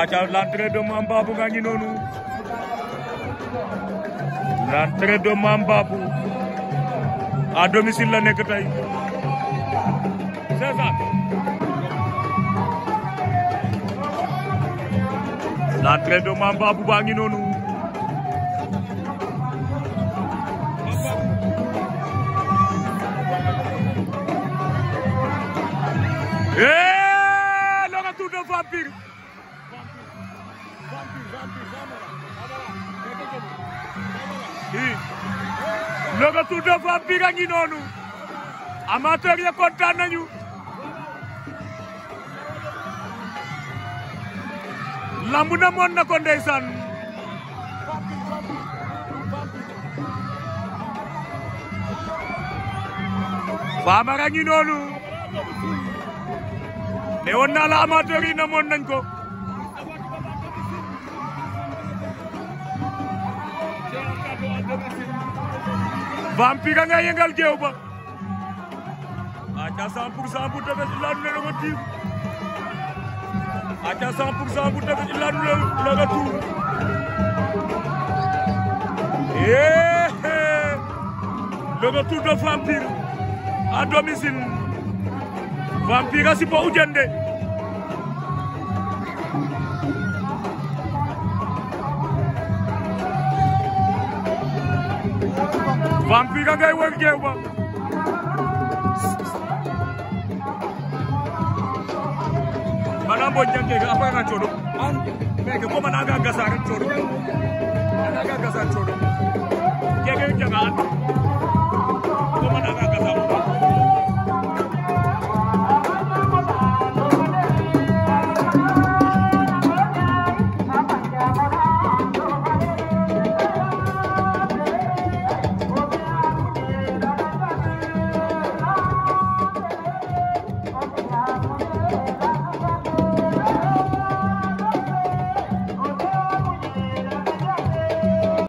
aca lantre de mamba bu ngi nonu. Lantre de Mambabu à domicile la nekk tey c'est ça l'entrée de bangi nonu. Eh, lo Hey, de vampire Loga Tour de Vampire a ngi noonu amateur ya kontaan nañu lamb moon na ko ndeysaan Famara a ngi woon naa la amateur yi na moon nañ ko Vampire nga yëngal géew ba aca 100 pour cent bu tefes i leya nule roga tiim aca 100 pour cent bu a sipo o jende Vampire ka ngay wër géew ba bana bo janke ga apa na chodo an me ke koma na ga gasa ga chodo na ga gasa chodo ke ga janga an